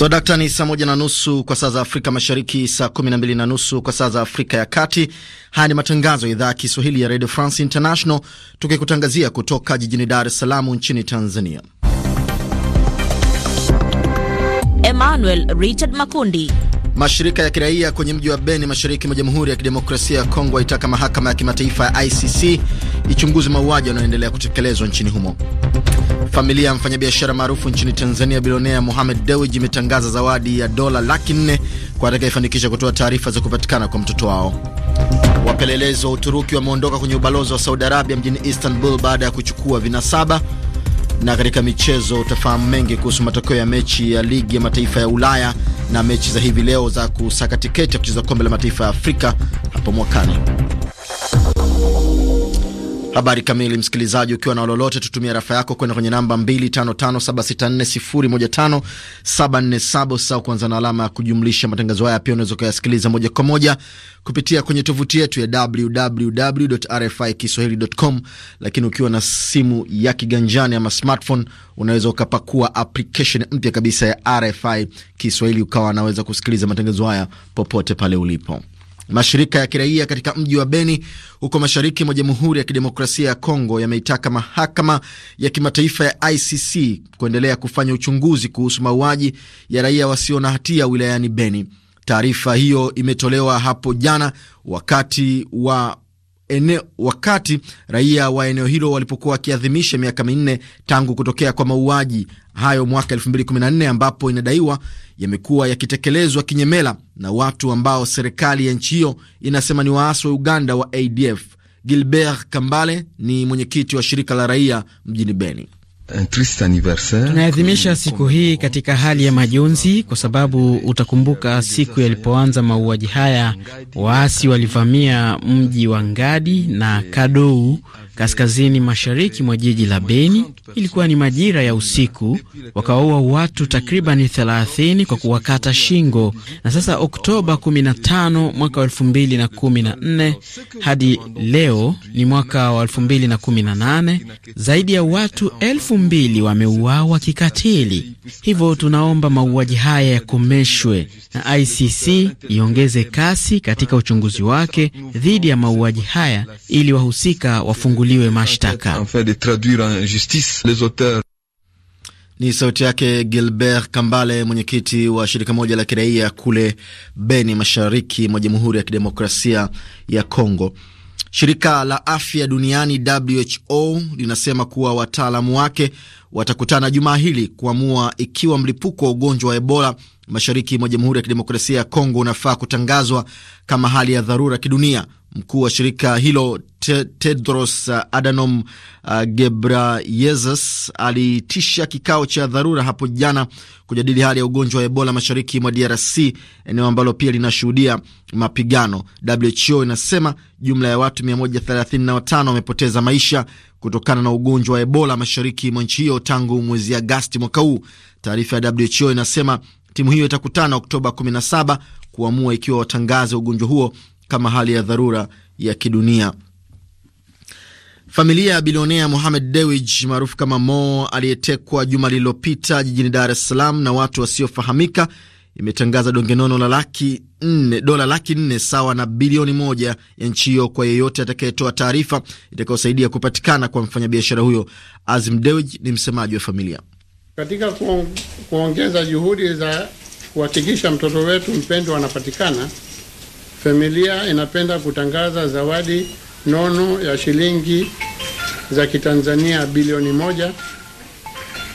So dakta, ni saa moja na nusu kwa saa za Afrika Mashariki, saa kumi na mbili na nusu kwa saa za Afrika ya Kati. Haya ni matangazo ya idhaa ya Kiswahili ya Radio France International, tukikutangazia kutoka jijini Dar es Salaam nchini Tanzania. Emmanuel Richard Makundi. Mashirika ya kiraia kwenye mji wa Beni mashariki mwa Jamhuri ya Kidemokrasia ya Kongo aitaka mahakama ya kimataifa ya ICC ichunguze mauaji yanayoendelea kutekelezwa nchini humo. Familia ya mfanyabiashara maarufu nchini Tanzania bilionea Mohamed Dewji imetangaza zawadi ya dola laki nne kwa atakayefanikisha kutoa taarifa za kupatikana kwa mtoto wao. Wapelelezi wa Uturuki wameondoka kwenye ubalozi wa Saudi Arabia mjini Istanbul baada ya kuchukua vinasaba na katika michezo utafahamu mengi kuhusu matokeo ya mechi ya ligi ya mataifa ya Ulaya na mechi za hivi leo za kusaka tiketi ya kucheza kombe la mataifa ya Afrika hapo mwakani. Habari kamili, msikilizaji, ukiwa na lolote, tutumia rafa yako kwenda kwenye namba 255764015747 sawa, kuanza na alama ya kujumlisha. Matangazo haya pia unaweza kuyasikiliza moja kwa moja kupitia kwenye tovuti yetu ya www.rfikiswahili.com, lakini ukiwa na simu ya kiganjani ama smartphone, unaweza ukapakua application mpya kabisa ya RFI Kiswahili, ukawa anaweza kusikiliza matangazo haya popote pale ulipo. Mashirika ya kiraia katika mji wa Beni huko mashariki mwa Jamhuri ya Kidemokrasia ya Kongo yameitaka mahakama ya kimataifa ya ICC kuendelea kufanya uchunguzi kuhusu mauaji ya raia wasio na hatia wilayani Beni. Taarifa hiyo imetolewa hapo jana wakati wa eneo, wakati raia wa eneo hilo walipokuwa wakiadhimisha miaka minne tangu kutokea kwa mauaji hayo mwaka 2014 ambapo inadaiwa yamekuwa yakitekelezwa kinyemela na watu ambao serikali ya nchi hiyo inasema ni waasi wa Uganda wa ADF. Gilbert Kambale ni mwenyekiti wa shirika la raia mjini Beni. Tunaadhimisha siku hii katika hali ya majonzi kwa sababu utakumbuka siku yalipoanza mauaji haya, waasi walivamia mji wa Ngadi na Kadou kaskazini mashariki mwa jiji la Beni. Ilikuwa ni majira ya usiku, wakawaua watu takribani 30 kwa kuwakata shingo. Na sasa Oktoba 15 mwaka wa 2014 hadi leo ni mwaka wa 2018, zaidi ya watu elfu mbili wameuawa kikatili. Hivyo tunaomba mauaji haya yakomeshwe na ICC iongeze kasi katika uchunguzi wake dhidi ya mauaji haya ili wahusika wafunguliwe wafunguliwe mashtaka. Ni sauti yake Gilbert Kambale, mwenyekiti wa shirika moja la kiraia kule Beni, mashariki mwa Jamhuri ya Kidemokrasia ya Kongo. Shirika la afya duniani WHO linasema kuwa wataalamu wake watakutana jumaa hili kuamua ikiwa mlipuko wa ugonjwa wa Ebola mashariki mwa Jamhuri ya Kidemokrasia ya Kongo unafaa kutangazwa kama hali ya dharura kidunia. Mkuu wa shirika hilo te, Tedros uh, Adhanom uh, Ghebreyesus alitisha kikao cha dharura hapo jana kujadili hali ya ugonjwa wa Ebola mashariki mwa DRC, eneo ambalo pia linashuhudia mapigano. WHO inasema jumla ya watu 135 wamepoteza maisha kutokana na ugonjwa wa Ebola mashariki mwa nchi hiyo tangu mwezi Agasti mwaka huu. Taarifa ya WHO inasema timu hiyo itakutana Oktoba 17 kuamua ikiwa watangaze ugonjwa huo kama hali ya dharura ya kidunia. Familia ya bilionea Mohamed Dewji maarufu kama Mo aliyetekwa juma lililopita jijini Dar es Salaam na watu wasiofahamika imetangaza dongenono la laki nne, dola laki nne sawa na bilioni moja ya nchi hiyo kwa yeyote atakayetoa taarifa itakayosaidia kupatikana kwa mfanyabiashara huyo. Azim Dewji ni msemaji wa familia. Katika kuongeza juhudi za kuhakikisha mtoto wetu mpendwa anapatikana Familia inapenda kutangaza zawadi nono ya shilingi za Kitanzania bilioni moja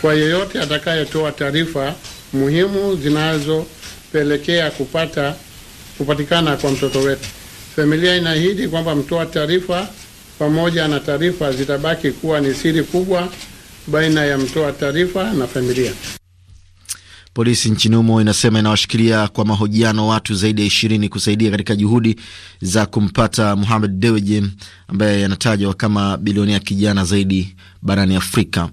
kwa yeyote atakayetoa taarifa muhimu zinazopelekea kupata kupatikana kwa mtoto wetu. Familia inaahidi kwamba mtoa taarifa pamoja na taarifa zitabaki kuwa ni siri kubwa baina ya mtoa taarifa na familia. Polisi nchini humo inasema inawashikilia kwa mahojiano watu zaidi ya ishirini kusaidia katika juhudi za kumpata Muhamed Dewji ambaye anatajwa kama bilionea kijana zaidi barani Afrika.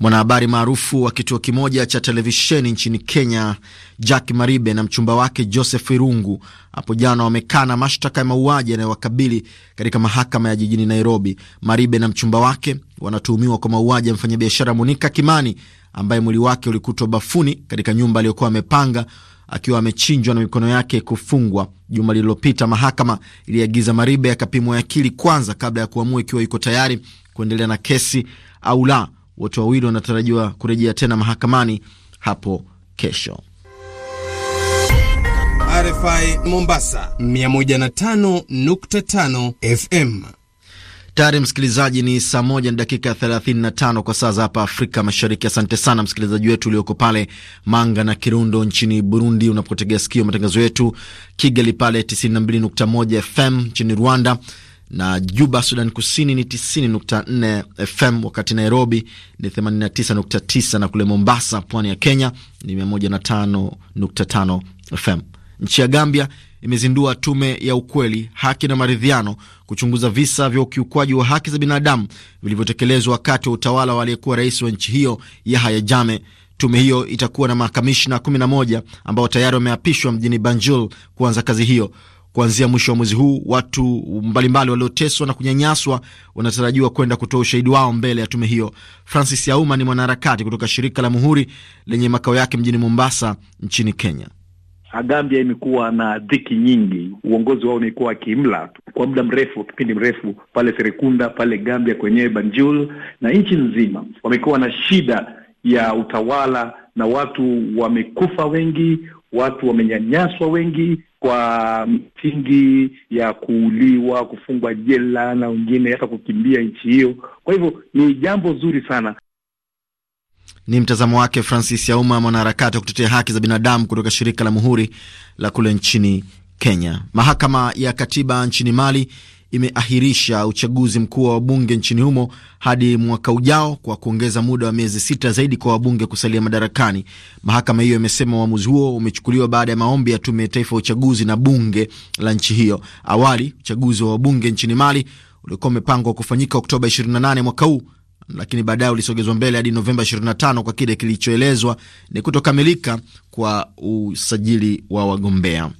Mwanahabari maarufu wa kituo kimoja cha televisheni nchini Kenya, Jack Maribe na mchumba wake Joseph Irungu hapo jana wamekana mashtaka ya mauaji yanayowakabili katika mahakama ya jijini Nairobi. Maribe na mchumba wake wanatuhumiwa kwa mauaji ya mfanyabiashara Monika Kimani ambaye mwili wake ulikutwa bafuni katika nyumba aliyokuwa amepanga akiwa amechinjwa na mikono yake kufungwa. Juma lililopita mahakama iliagiza Maribe akapimwa akili kwanza kabla ya kuamua ikiwa yuko tayari kuendelea na kesi au la. Wote wawili wanatarajiwa kurejea tena mahakamani hapo kesho. RFI Mombasa 105.5 FM. Tayari msikilizaji, ni saa moja na dakika 35 kwa saa za hapa Afrika Mashariki. Asante sana msikilizaji wetu ulioko pale Manga na Kirundo nchini Burundi, unapotegea sikio matangazo yetu Kigali pale 92.1 FM nchini Rwanda na Juba, Sudan Kusini ni 90.4 FM, wakati Nairobi ni 89.9 na kule Mombasa, pwani ya Kenya, ni 105.5 FM. Nchi ya Gambia imezindua tume ya ukweli, haki na maridhiano kuchunguza visa vya ukiukwaji wa haki za binadamu vilivyotekelezwa wakati wa utawala wa aliyekuwa rais wa nchi hiyo Yahya Jammeh. Tume hiyo itakuwa na makamishna 11 ambao tayari wameapishwa mjini Banjul kuanza kazi hiyo. Kuanzia mwisho wa mwezi huu, watu mbalimbali walioteswa na kunyanyaswa wanatarajiwa kwenda kutoa ushahidi wao mbele ya tume hiyo. Francis Yauma ni mwanaharakati kutoka shirika la Muhuri lenye makao yake mjini Mombasa nchini Kenya. Gambia imekuwa na dhiki nyingi, uongozi wao umekuwa kiimla kwa muda mrefu, kipindi mrefu, pale Serekunda, pale Gambia kwenyewe, Banjul na nchi nzima, wamekuwa na shida ya utawala na watu wamekufa wengi, watu wamenyanyaswa wengi kwa misingi ya kuuliwa, kufungwa jela na wengine hata kukimbia nchi hiyo. Kwa hivyo ni jambo zuri sana ni mtazamo wake Francis Yauma, mwanaharakati wa kutetea haki za binadamu kutoka shirika la Muhuri la kule nchini Kenya. Mahakama ya Katiba nchini Mali imeahirisha uchaguzi mkuu wa wabunge nchini humo hadi mwaka ujao kwa kuongeza muda wa miezi sita zaidi kwa wabunge kusalia madarakani. Mahakama hiyo imesema uamuzi huo umechukuliwa baada ya maombi ya tume ya taifa ya uchaguzi na bunge la nchi hiyo. Awali uchaguzi wa wabunge nchini Mali ulikuwa umepangwa kufanyika Oktoba 28 mwaka huu, lakini baadaye ulisogezwa mbele hadi Novemba 25 kwa kile kilichoelezwa ni kutokamilika kwa usajili wa wagombea.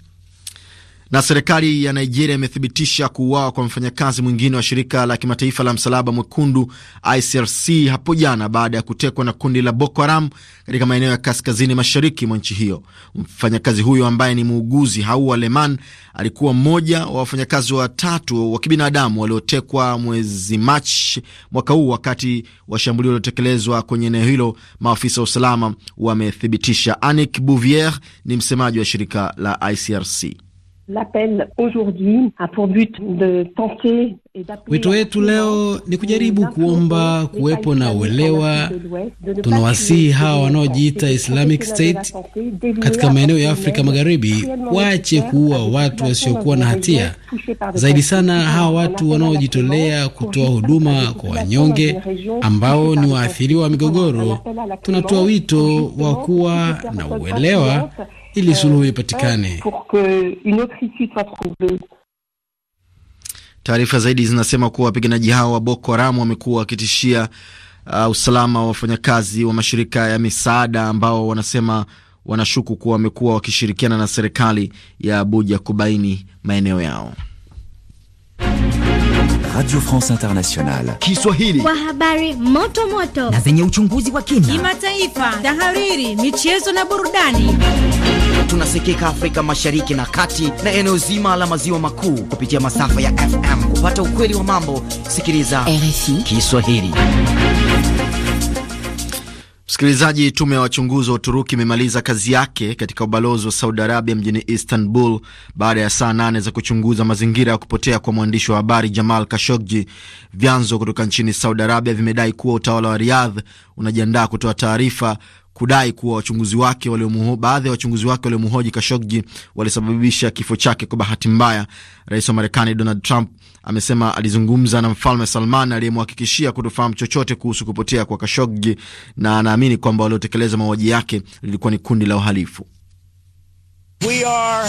Na serikali ya Nigeria imethibitisha kuuawa kwa mfanyakazi mwingine wa shirika la kimataifa la msalaba mwekundu ICRC hapo jana baada ya kutekwa na kundi la Boko Haram katika maeneo ya kaskazini mashariki mwa nchi hiyo. Mfanyakazi huyo ambaye ni muuguzi Hauwa Leman alikuwa mmoja wa wafanyakazi watatu wa kibinadamu waliotekwa mwezi Machi mwaka huu wakati wa shambulio lilotekelezwa kwenye eneo hilo, maafisa wa usalama wamethibitisha. Anik Bouvier ni msemaji wa shirika la ICRC. L'appel aujourd'hui a pour but de tenter Wito wetu leo ni kujaribu kuomba kuwepo na uelewa. Tunawasihi hawa wanaojiita Islamic State katika maeneo ya Afrika Magharibi waache kuua watu wasiokuwa na hatia, zaidi sana hawa watu wanaojitolea kutoa huduma kwa wanyonge ambao ni waathiriwa wa migogoro. Tunatoa wito wa kuwa na uelewa ili euh, suluhu ipatikane. Euh, Taarifa zaidi zinasema kuwa wapiganaji hao wa Boko Haramu wamekuwa wakitishia uh, usalama wa wafanyakazi wa mashirika ya misaada ambao wanasema wanashuku kuwa wamekuwa wakishirikiana na serikali ya Abuja kubaini maeneo yao. Radio France Internationale Kiswahili kwa habari moto moto na zenye uchunguzi wa kina, kimataifa, tahariri, michezo na burudani tunasikika Afrika Mashariki na Kati na eneo zima la maziwa makuu kupitia masafa ya FM. Kupata ukweli wa mambo, sikiliza RFI Kiswahili. Msikilizaji, tume ya wachunguzi wa Uturuki imemaliza kazi yake katika ubalozi wa Saudi Arabia mjini Istanbul baada ya saa nane za kuchunguza mazingira ya kupotea kwa mwandishi wa habari Jamal Khashoggi. Vyanzo kutoka nchini Saudi Arabia vimedai kuwa utawala wa Riyadh unajiandaa kutoa taarifa kudai kuwa wachunguzi wake waliomuho, baadhi ya wachunguzi wake waliomhoji Kashogji walisababisha kifo chake kwa bahati mbaya. Rais wa Marekani Donald Trump amesema alizungumza na Mfalme Salman aliyemhakikishia kutofahamu chochote kuhusu kupotea kwa Kashoggi, na anaamini kwamba waliotekeleza mauaji yake lilikuwa ni kundi la uhalifu. We are...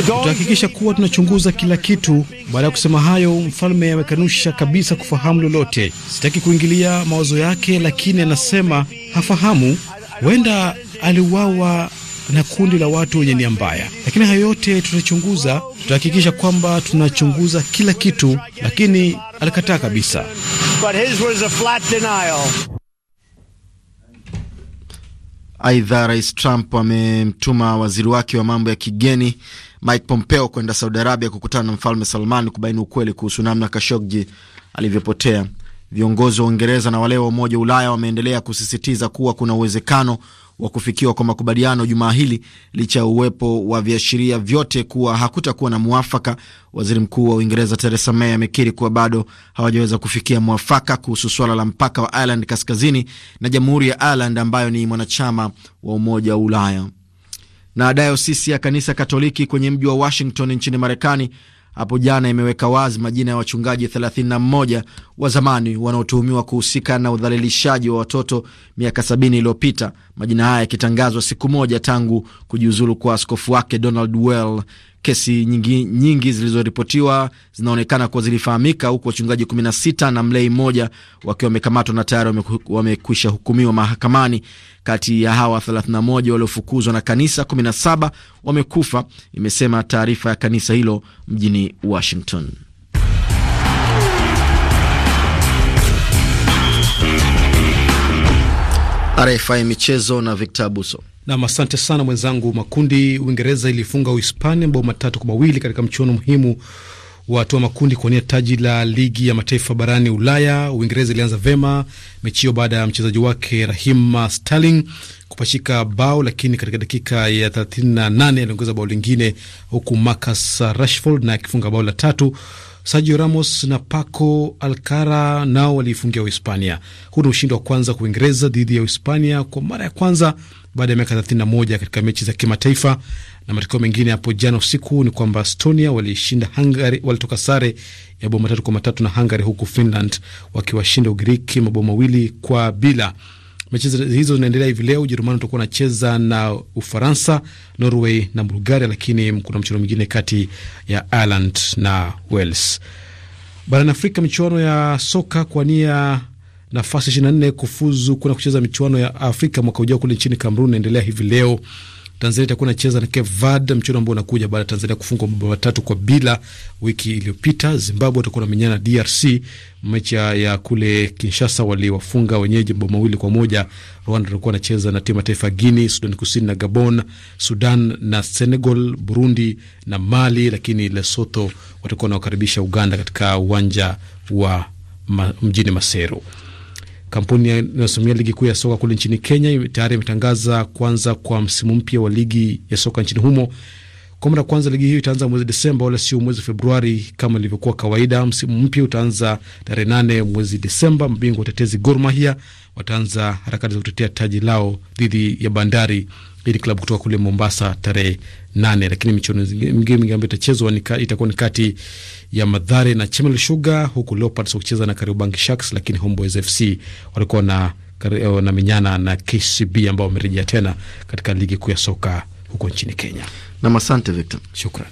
Tutahakikisha kuwa tunachunguza kila kitu. Baada ya kusema hayo, mfalme amekanusha kabisa kufahamu lolote. Sitaki kuingilia mawazo yake, lakini anasema hafahamu, huenda aliuawa na kundi la watu wenye nia mbaya. Lakini hayo yote tutachunguza, tutahakikisha kwamba tunachunguza kila kitu, lakini alikataa kabisa. But his was a flat denial. Aidha, Rais Trump amemtuma waziri wake wa mambo ya kigeni Mike Pompeo kwenda Saudi Arabia kukutana na Mfalme Salman kubaini ukweli kuhusu namna Kashogji alivyopotea. Viongozi wa Uingereza na wale wa Umoja wa Ulaya wameendelea kusisitiza kuwa kuna uwezekano wa kufikiwa kwa makubaliano jumaa hili licha ya uwepo wa viashiria vyote kuwa hakutakuwa na mwafaka. Waziri Mkuu wa Uingereza Theresa May amekiri kuwa bado hawajaweza kufikia mwafaka kuhusu suala la mpaka wa Ireland kaskazini na Jamhuri ya Ireland ambayo ni mwanachama wa Umoja wa Ulaya. Na dayosisi ya kanisa Katoliki kwenye mji wa Washington nchini Marekani hapo jana imeweka wazi majina ya wachungaji 31 wa zamani wanaotuhumiwa kuhusika na udhalilishaji wa watoto miaka 70 iliyopita, majina haya yakitangazwa siku moja tangu kujiuzulu kwa askofu wake Donald Well Kesi nyingi, nyingi zilizoripotiwa zinaonekana kuwa zilifahamika, huku wachungaji 16 na mlei mmoja wakiwa wamekamatwa na tayari wamekwisha hukumiwa mahakamani. Kati ya hawa 31 waliofukuzwa na kanisa, 17 wamekufa, imesema taarifa ya kanisa hilo mjini Washington. RFI Michezo na Victor Abuso. Nam, asante sana mwenzangu Makundi. Uingereza ilifunga Uhispania mabao matatu kwa mawili katika mchuano muhimu wa hatua makundi kuwania taji la ligi ya mataifa barani Ulaya. Uingereza ilianza vema mechi hiyo baada ya mchezaji wake Raheem Sterling kupachika bao, lakini katika dakika ya 38 aliongeza bao lingine, huku Marcus Rashford naye akifunga bao la tatu. Sergio Ramos na Paco Alcara nao waliifungia Uhispania. Huu ni ushindi wa kwanza kwa Uingereza dhidi ya Uhispania kwa mara ya kwanza baada ya miaka 31 katika mechi za kimataifa. Na matokeo mengine hapo jana usiku ni kwamba Estonia walishinda Hungary, walitoka sare ya bao matatu kwa matatu na Hungary, huku Finland wakiwashinda Ugiriki mabao mawili kwa bila. Mechi hizo zinaendelea hivi leo. Ujerumani utakuwa unacheza na Ufaransa, Norway na Bulgaria, lakini kuna mchezo mwingine kati ya Ireland na Wales. Barani Afrika, michuano ya soka kwa nia nafasi na nne kufuzu kuna kucheza michuano ya Afrika mwaka ujao kule nchini Kamerun inaendelea hivi leo. Tanzania itakuwa inacheza na Cape Verde, mchuano ambao unakuja baada ya Tanzania kufungwa mabao matatu kwa bila wiki iliyopita. Zimbabwe watakuwa wanamenyana na DRC. Mechi ya kule Kinshasa waliwafunga wenyeji mabao mawili kwa moja. Rwanda walikuwa wanacheza na timu ya taifa Guini, Sudan Kusini na Gabon, Sudan na Senegal, Burundi na Mali, lakini Lesotho watakuwa wanawakaribisha Uganda katika uwanja wa ma, mjini Maseru. Kampuni inayosimamia ligi kuu ya soka kule nchini Kenya tayari imetangaza kuanza kwa msimu mpya wa ligi ya soka nchini humo. Kwa mara kwanza ligi hiyo itaanza mwezi Desemba wala sio mwezi Februari kama ilivyokuwa kawaida. Msimu mpya utaanza tarehe nane mwezi Desemba. Mabingwa watetezi Gor Mahia wataanza harakati za kutetea taji lao dhidi ya Bandari hili klabu kutoka kule Mombasa tarehe nane. Lakini michuano mingine mingi ambayo itachezwa itakuwa ni kati ya Madhare na Chemel Sugar, huku Leopards wakicheza na Kariobangi Sharks, lakini Homeboys FC walikuwa na eh, na minyana na KCB ambao wamerejea tena katika ligi kuu ya soka huko nchini Kenya. Na asante Victor, shukran.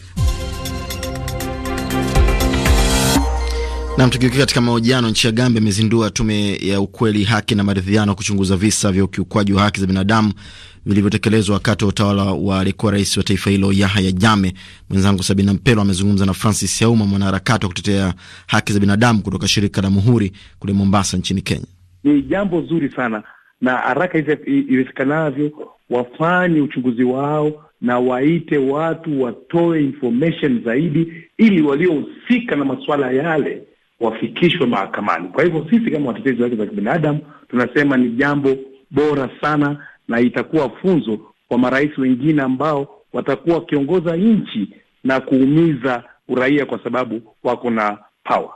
Nam, tukiukia katika mahojiano, nchi ya Gambia imezindua tume ya ukweli, haki na maridhiano kuchunguza visa vya ukiukwaji wa haki za binadamu vilivyotekelezwa wakati wa utawala wa aliyekuwa rais wa taifa hilo Yahya Jame. Mwenzangu Sabina Mpelo amezungumza na Francis Yauma, mwanaharakati wa kutetea haki za binadamu kutoka shirika la Muhuri kule Mombasa nchini Kenya. Ni jambo zuri sana, na haraka iwezekanavyo wafanye uchunguzi wao na waite watu watoe information zaidi, ili waliohusika na masuala yale wafikishwe mahakamani. Kwa hivyo sisi kama watetezi wa haki za kibinadamu tunasema ni jambo bora sana na itakuwa funzo kwa marais wengine ambao watakuwa wakiongoza nchi na kuumiza uraia kwa sababu wako na power.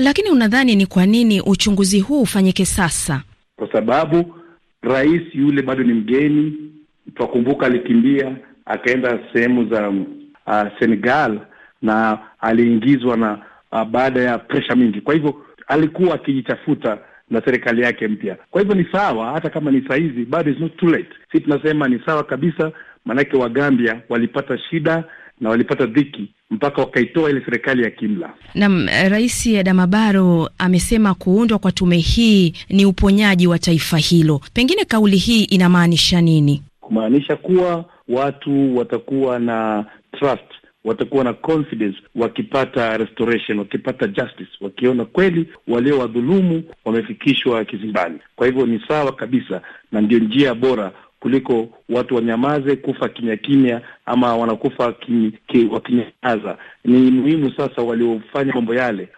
Lakini unadhani ni kwa nini uchunguzi huu ufanyike sasa? Kwa sababu rais yule bado ni mgeni. Twakumbuka alikimbia akaenda sehemu za uh, Senegal na aliingizwa na uh, baada ya presha mingi, kwa hivyo alikuwa akijitafuta na serikali yake mpya. Kwa hivyo ni sawa, hata kama ni sahizi, bado is not too late. Si tunasema ni sawa kabisa, maanake Wagambia walipata shida na walipata dhiki mpaka wakaitoa ile serikali ya kimla. Naam, Rais Adama amesema kuundwa kwa tume hii ni uponyaji wa taifa hilo. Pengine kauli hii inamaanisha nini? Kumaanisha kuwa watu watakuwa na trust watakuwa na confidence wakipata restoration, wakipata justice, wakiona kweli waliowadhulumu wamefikishwa kizimbani. Kwa hivyo ni sawa kabisa na ndio njia bora kuliko watu wanyamaze kufa kimya kimya, ama wanakufa wakinyamaza. Ni muhimu sasa waliofanya mambo yale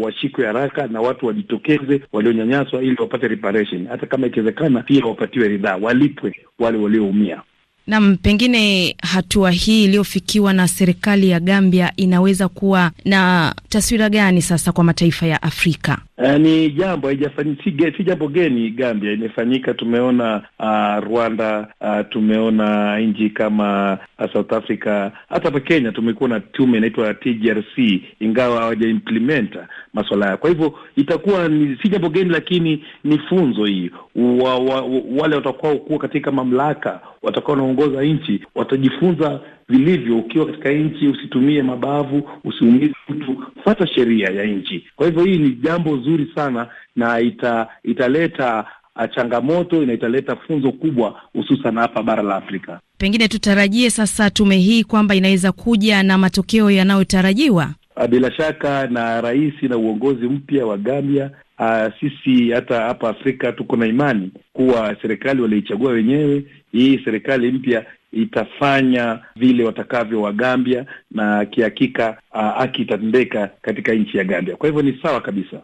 washikwe wa, wa, wa, haraka na watu wajitokeze, walionyanyaswa ili wapate reparation, hata kama ikiwezekana pia wapatiwe ridhaa, walipwe wale walioumia. Nam, pengine hatua hii iliyofikiwa na serikali ya Gambia inaweza kuwa na taswira gani sasa kwa mataifa ya Afrika? Eh, ni jambo haijafanyika, si jambo geni Gambia, imefanyika. Tumeona uh, Rwanda uh, tumeona nchi kama uh, South Africa, hata hapa Kenya tumekuwa na tume inaitwa TGRC, ingawa hawajaimplementa masuala hayo. Kwa hivyo itakuwa ni, si jambo geni, lakini ni funzo hii wa, wa, wa, wale watakuwa kuwa katika mamlaka watakuwa wanaongoza nchi watajifunza vilivyo. Ukiwa katika nchi, usitumie mabavu, usiumize mtu, fata sheria ya nchi. Kwa hivyo hii ni jambo zuri sana na ita, italeta ah, changamoto na italeta funzo kubwa, hususan hapa bara la Afrika. Pengine tutarajie sasa tume hii kwamba inaweza kuja na matokeo yanayotarajiwa ah, bila shaka na rais na uongozi mpya wa Gambia. Uh, sisi hata hapa Afrika tuko na imani kuwa serikali waliichagua wenyewe hii serikali mpya itafanya vile watakavyo Wagambia, na kihakika haki itatendeka katika nchi ya Gambia. Kwa hivyo ni sawa kabisa.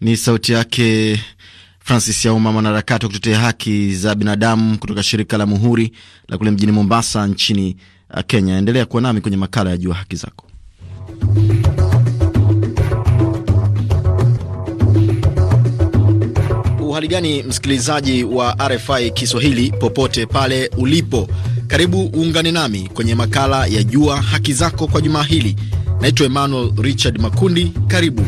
Ni sauti yake Francis Yauma, mwanaharakati wa kutetea haki za binadamu kutoka shirika la Muhuri la kule mjini Mombasa nchini Kenya. Endelea kuwa nami kwenye makala ya Jua Haki Zako. hali gani msikilizaji wa RFI Kiswahili popote pale ulipo? Karibu uungane nami kwenye makala ya Jua Haki Zako kwa jumaa hili. Naitwa Emmanuel Richard Makundi. Karibu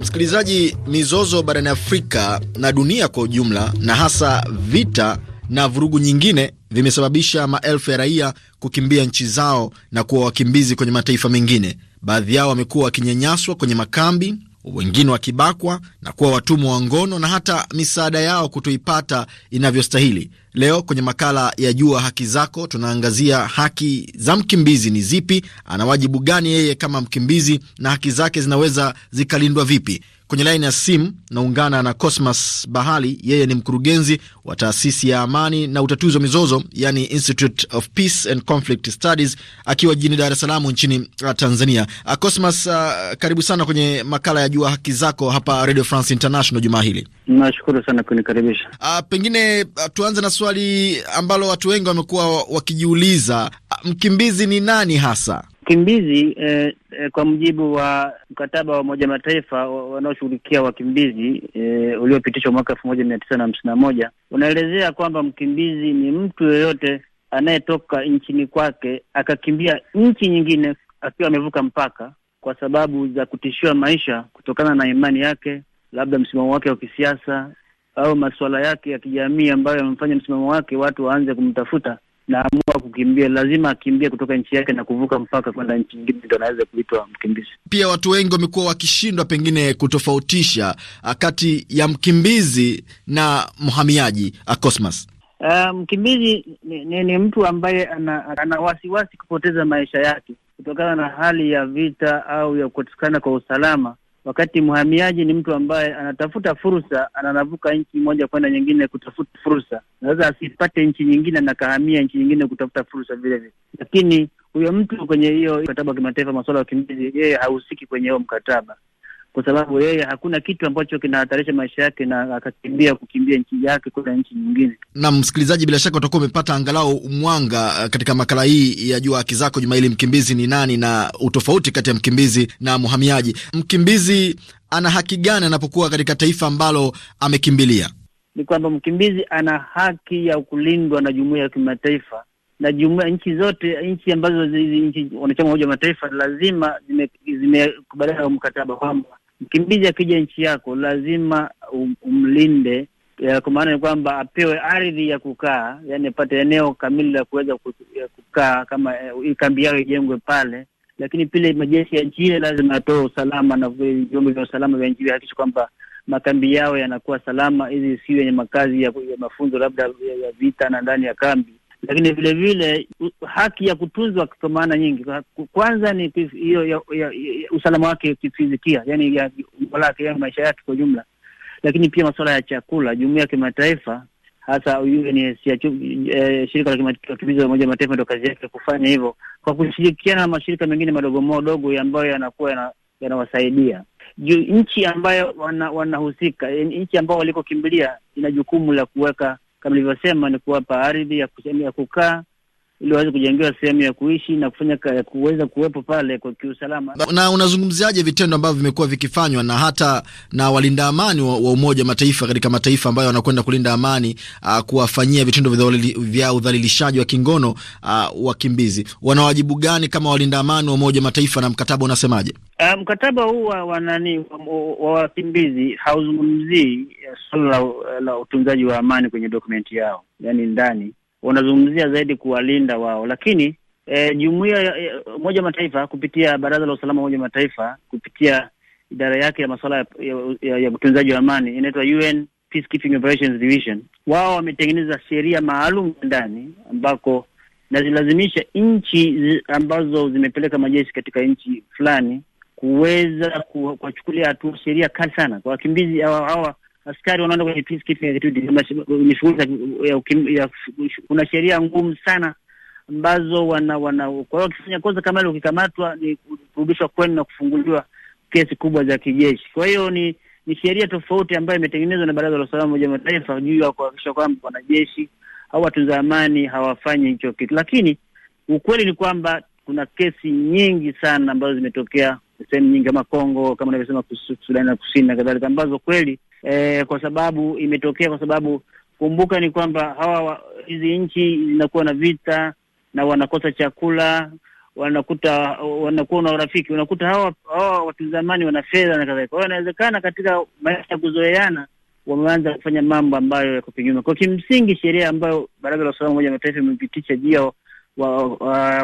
msikilizaji. Mizozo barani Afrika na dunia kwa ujumla, na hasa vita na vurugu nyingine vimesababisha maelfu ya raia kukimbia nchi zao na kuwa wakimbizi kwenye mataifa mengine. Baadhi yao wamekuwa wakinyanyaswa kwenye makambi wengine wakibakwa na kuwa watumwa wa ngono na hata misaada yao kutoipata inavyostahili. Leo kwenye makala ya Jua Haki Zako tunaangazia haki za mkimbizi ni zipi, ana wajibu gani yeye kama mkimbizi, na haki zake zinaweza zikalindwa vipi? Kwenye laini ya simu naungana na Cosmas Bahali, yeye ni mkurugenzi wa taasisi ya amani na utatuzi wa mizozo, yani Institute of Peace and Conflict Studies, akiwa jijini Dar es Salaam nchini uh, Tanzania. Uh, Cosmas, uh, karibu sana kwenye makala ya Jua Haki Zako hapa Radio France International jumaa hili. Nashukuru sana kunikaribisha. Uh, pengine uh, tuanze na swali ambalo watu wengi wamekuwa wakijiuliza, uh, mkimbizi ni nani hasa? Wakimbizi eh, eh, kwa mujibu wa mkataba wa Umoja Mataifa wanaoshughulikia wakimbizi eh, uliopitishwa mwaka elfu moja mia tisa na hamsini na moja unaelezea kwamba mkimbizi ni mtu yoyote anayetoka nchini kwake akakimbia nchi nyingine akiwa amevuka mpaka kwa sababu za kutishiwa maisha kutokana na imani yake, labda msimamo wake wa kisiasa au masuala yake ya kijamii ambayo yamemfanya msimamo wake watu waanze kumtafuta naamua kukimbia, lazima akimbie kutoka nchi yake na kuvuka mpaka kwenda nchi nyingine, ndio anaweza kuitwa mkimbizi. Pia watu wengi wamekuwa wakishindwa pengine kutofautisha ah, kati ya mkimbizi na mhamiaji. Ah, Cosmas, uh, mkimbizi ni, ni, ni mtu ambaye ana, ana wasiwasi kupoteza maisha yake kutokana na hali ya vita au ya kukosekana kwa usalama wakati mhamiaji ni mtu ambaye anatafuta fursa, ananavuka nchi moja kwenda nyingine kutafuta fursa. Naweza asipate nchi nyingine na kahamia nchi nyingine kutafuta fursa vile vile, lakini huyo mtu kwenye hiyo mkataba wa kimataifa masuala ya wakimbizi, yeye hahusiki kwenye hiyo mkataba kwa sababu yeye hakuna kitu ambacho kinahatarisha maisha yake na akakimbia kukimbia nchi yake kwenda nchi nyingine. Na msikilizaji, bila shaka utakuwa umepata angalau mwanga uh, katika makala hii ya Jua Haki Zako juma hili, mkimbizi ni nani na utofauti kati ya mkimbizi na mhamiaji. Mkimbizi ana haki gani anapokuwa katika taifa ambalo amekimbilia? Ni kwamba mkimbizi ana haki ya kulindwa na jumuiya ya kimataifa na jumuiya, nchi zote, nchi ambazo nchi wanachama Umoja wa Mataifa lazima zimekubaliana zime mkataba kwamba Mkimbizi akija nchi yako lazima um, umlinde kwa maana ni kwamba apewe ardhi ya kukaa, yani apate eneo kamili la kuweza kukaa, kama eh, kambi yao ijengwe pale. Lakini pile majeshi ya nchi ile lazima atoe usalama na vyombo vya usalama vya nchi hakikisha kwamba makambi yao yanakuwa salama, ili si yenye makazi ya, ya mafunzo labda ya vita na ndani ya kambi lakini vile vile haki ya kutunzwa kwa maana nyingi. Kwanza ni hiyo usalama wake kifizikia, yani ya jumba lake, yani maisha yake kwa jumla, lakini pia masuala ya chakula. Jumuiya ya kimataifa hasa UN, shirika la kimataifa la Umoja Mataifa, ndo kazi yake kufanya hivyo kwa kushirikiana na mashirika mengine madogo madogo ambayo yanakuwa yanawasaidia juu nchi ambayo wanahusika, nchi ambao walikokimbilia ina jukumu la kuweka kama nilivyosema, ni kuwapa ardhi ya kukaa ili waweze kujengewa sehemu ya kuishi na kufanya kuweza kuwepo pale kwa kiusalama. Na unazungumziaje vitendo ambavyo vimekuwa vikifanywa na hata na walinda amani wa, wa Umoja Mataifa katika mataifa ambayo wanakwenda kulinda amani uh, kuwafanyia vitendo vya udhalilishaji wa kingono uh, wakimbizi wana wajibu gani kama walinda amani wa Umoja Mataifa na mkataba unasemaje? Uh, mkataba huu wa wanani wa wakimbizi hauzungumzii uh, suala la utunzaji wa amani kwenye dokumenti yao, yani ndani wanazungumzia zaidi kuwalinda wao, lakini e, jumuiya ya Umoja wa Mataifa kupitia Baraza la Usalama Umoja wa Mataifa kupitia idara yake ya masuala ya, ya, ya, ya utunzaji wa amani inaitwa UN Peacekeeping Operations Division, wao wametengeneza sheria maalum ndani ambako nazilazimisha nchi ambazo zimepeleka majeshi katika nchi fulani kuweza kuwachukulia hatua sheria kali sana kwa wakimbizi hawa askari wanaenda kwenye peacekeeping kwenye shughuli ya, kuna sheria ngumu sana ambazo wana wana, kwa hiyo wakifanya kosa kama ile, ukikamatwa ni kurudishwa kwenu na kufunguliwa kesi kubwa za kijeshi. Kwa hiyo ni ni sheria tofauti ambayo imetengenezwa na Baraza la Usalama la Umoja wa Mataifa juu ya kuhakikisha kwamba wanajeshi au watunza amani hawafanyi hicho kitu, lakini ukweli ni kwamba kuna kesi nyingi sana ambazo zimetokea sehemu nyingi kama Kongo, kama unavyosema Sudani na Kusini na kadhalika, ambazo kweli eh, kwa sababu imetokea kwa sababu kumbuka ni kwamba hawa hizi nchi zinakuwa na vita na wanakosa chakula, wanakuta wanakuwa na urafiki, unakuta hawa hawa watu zamani wana fedha na kadhalika. kwao inawezekana katika maisha ya kuzoeana wameanza kufanya mambo ambayo yako kinyuma Kwa kimsingi, sheria ambayo Baraza la Usalama Umoja wa Mataifa imepitisha juu ya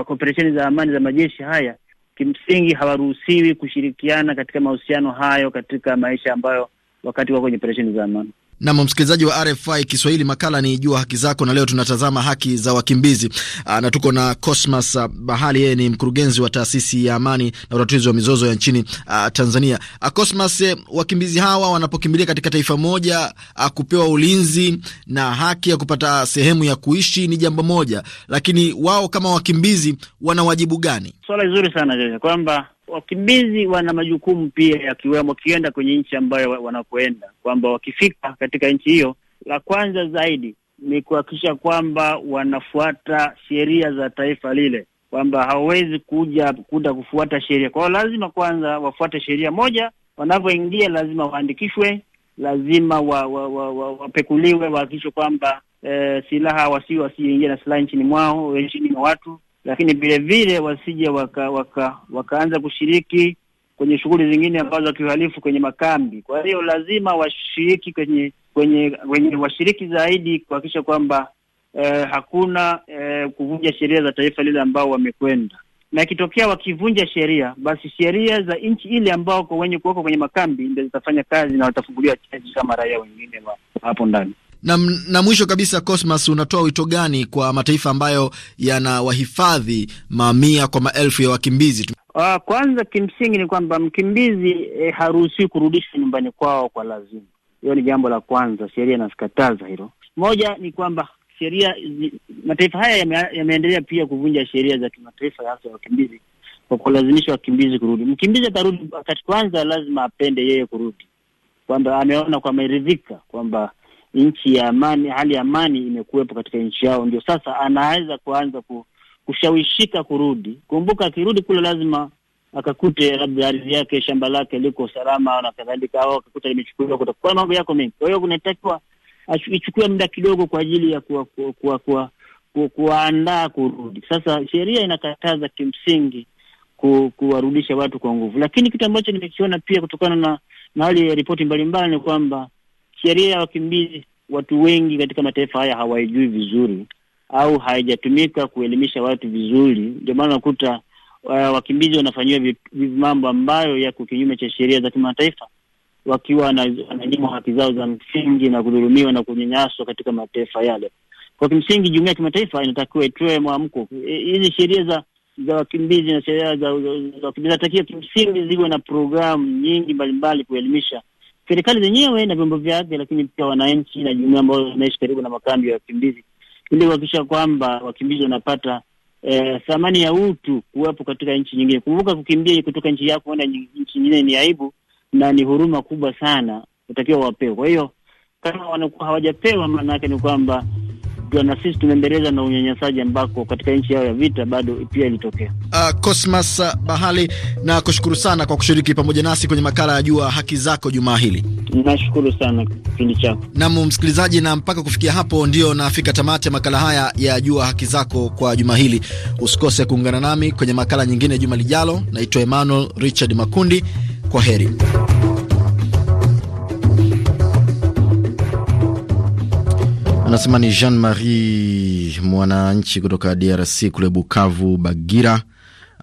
operesheni za amani za majeshi haya, kimsingi hawaruhusiwi kushirikiana katika mahusiano hayo katika maisha ambayo wakati wako kwenye operesheni za amani. Nam msikilizaji wa RFI Kiswahili, makala ni Jua Haki Zako, na leo tunatazama haki za wakimbizi ah, na tuko na Cosmas ah, Bahali. Yeye ni mkurugenzi wa taasisi ya amani na utatuzi wa mizozo ya nchini a, ah, Tanzania. A, Cosmas, eh, wakimbizi hawa wanapokimbilia katika taifa moja a, kupewa ulinzi na haki ya kupata sehemu ya kuishi ni jambo moja, lakini wao kama wakimbizi wana wajibu gani? Swala zuri sana kwamba wakimbizi wana majukumu pia, yakiwemo wakienda kwenye nchi ambayo wanakoenda, kwamba wakifika katika nchi hiyo, la kwanza zaidi ni kuhakikisha kwamba wanafuata sheria za taifa lile, kwamba hawawezi kuja kuda kufuata sheria. Kwa lazima kwanza wafuate sheria moja, wanavyoingia lazima waandikishwe, lazima wapekuliwe, wa, wa, wa, wahakikishwe kwamba eh, silaha wasi wasiingia na silaha nchini mwao, nchini mwa watu lakini vile vile wasije waka, waka, wakaanza kushiriki kwenye shughuli zingine ambazo za kwenye makambi. Kwa hiyo lazima washiriki kwenye kwenye, kwenye washiriki zaidi kuhakikisha kwamba eh, hakuna eh, kuvunja sheria za taifa lile ambao wamekwenda, na ikitokea wakivunja sheria, basi sheria za nchi ile ambao kwa wenye kuwekwa kwenye makambi ndio zitafanya kazi na watafunguliwa kesi kama raia wengine hapo ndani. Na, na mwisho kabisa, Cosmas, unatoa wito gani kwa mataifa ambayo yanawahifadhi mamia kwa maelfu ya wakimbizi? Uh, kwanza kimsingi ni kwamba mkimbizi eh, haruhusiwi kurudishwa nyumbani kwao kwa lazima. Hiyo ni jambo la kwanza, sheria inasikataza hilo. Moja ni kwamba sheria mataifa haya yameendelea ya pia kuvunja sheria za kimataifa hasa ya wakimbizi kwa kulazimisha wakimbizi kurudi. Mkimbizi atarudi wakati kwanza lazima apende yeye kurudi, kwamba ameona kwa ameridhika kwamba nchi ya amani, hali ya amani imekuwepo katika nchi yao, ndio sasa anaweza kuanza kushawishika kurudi. Kumbuka, akirudi kule lazima akakute labda ardhi yake, shamba lake liko salama na kadhalika, au akakuta limechukuliwa, kutakuwa mambo yako mengi. Kwa hiyo kunatakiwa ichukue muda kidogo kwa ajili ya kuwa, kuwa, kuwa, kuwaandaa kurudi. Sasa sheria inakataza kimsingi ku, kuwarudisha watu kwa nguvu, lakini kitu ambacho nimekiona pia kutokana na na hali ya ripoti mbalimbali ni kwamba sheria ya wakimbizi watu wengi katika mataifa haya hawaijui vizuri au haijatumika kuelimisha watu vizuri. Ndio maana unakuta uh, wakimbizi wanafanyiwa mambo ambayo yako kinyume cha sheria za kimataifa, wakiwa wananyimwa haki zao za msingi na kudhulumiwa na kunyanyaswa katika mataifa yale. Kwa kimsingi, jumuia ya kimataifa inatakiwa itoe mwamko. Hizi sheria za za wakimbizi na sheria za wakimbizi natakiwa kimsingi ziwe na programu nyingi mbalimbali kuelimisha serikali zenyewe na vyombo vyake, lakini pia wananchi na jumuia ambayo wanaishi karibu na makambi ya wakimbizi, ili kuhakikisha kwamba wakimbizi wanapata eh, thamani ya utu kuwepo katika nchi nyingine. Kumbuka, kukimbia kutoka nchi yako kwenda nchi nyingine ni aibu na ni huruma kubwa sana, utakiwa wapewe. Kwa hiyo kama wanakuwa hawajapewa, maana yake ni kwamba na sisi tunaendeleza na unyanyasaji ambako katika nchi yao ya vita bado pia ilitokea. Uh, Cosmas Bahali, na kushukuru sana kwa kushiriki pamoja nasi kwenye makala ya Jua Haki Zako jumaa hili. Nashukuru sana kipindi chako nam msikilizaji, na mpaka kufikia hapo ndio nafika tamati ya makala haya ya Jua Haki Zako kwa juma hili. Usikose kuungana nami kwenye makala nyingine juma lijalo. Naitwa Emmanuel Richard Makundi, kwa heri. Anasema ni Jean Marie mwananchi kutoka DRC kule Bukavu Bagira.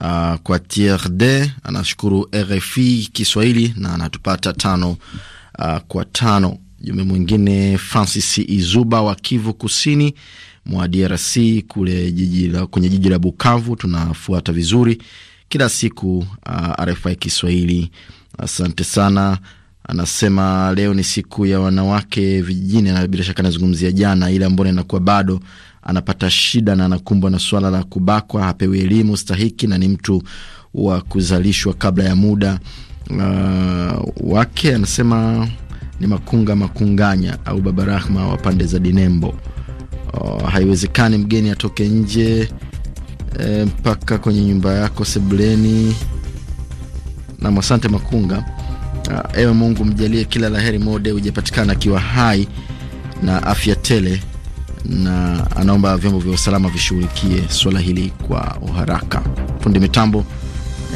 Uh, kwa TRD anashukuru RFI Kiswahili na anatupata tano uh, kwa tano. Jumbe mwingine Francis Izuba wa Kivu Kusini mwa DRC kule jiji la, kwenye jiji la Bukavu, tunafuata vizuri kila siku uh, RFI Kiswahili. Asante sana anasema leo ni siku ya wanawake vijijini, na bila shaka anazungumzia jana ile ambayo inakuwa bado anapata shida na anakumbwa na swala la kubakwa, hapewi elimu stahiki na ni mtu wa kuzalishwa kabla ya muda uh, wake. Anasema ni Makunga Makunganya au Baba Rahma wa pande za Dinembo. Uh, haiwezekani mgeni atoke nje eh, mpaka e, kwenye nyumba yako sebuleni. Nam, asante Makunga. Uh, ewe Mungu mjalie kila laheri, Mode hujapatikana akiwa hai na afya tele, na anaomba vyombo vya usalama vishughulikie swala hili kwa uharaka. Fundi mitambo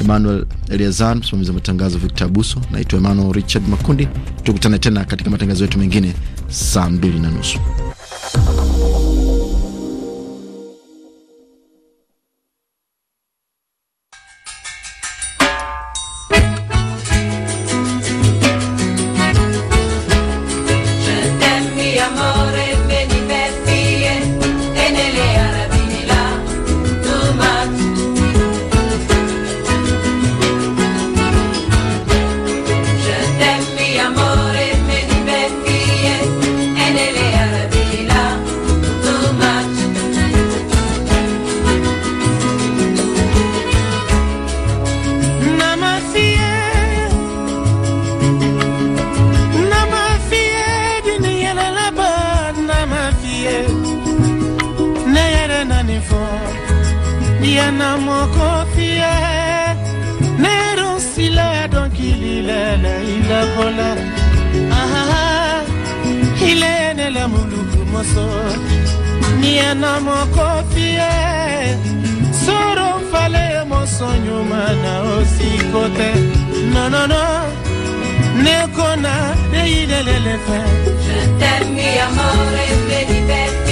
Emmanuel Eliazar, msimamizi wa matangazo Victor Abuso. Naitwa Emmanuel Richard Makundi. Tukutane tena katika matangazo yetu mengine saa mbili na nusu. osonyuma na osiko te nonono nekona neyilelelefe Je t'aime, amore, baby, baby.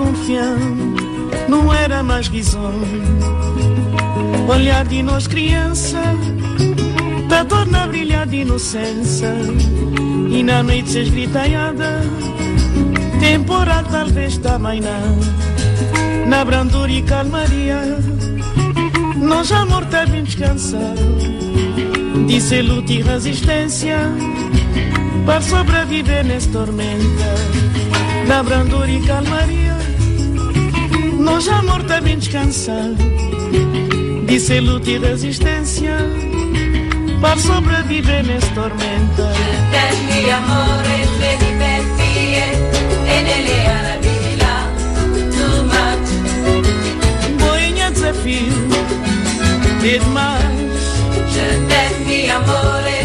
desconfiando, não era mais risonho. Olhar de nós criança, da dor na brilha de inocência, e na noite esgritaiada, temporal talvez também não. Na brandura e calmaria, nós já morta bem descansado, disse luta e resistência, para sobreviver nessa tormenta. Na brandura e calmaria, longe amor também descansar De ser luta e resistência Para sobreviver nesta tormenta Eterni amore, le libertie E nele alla vila Tu mat Boinha desafio De demais Eterni amore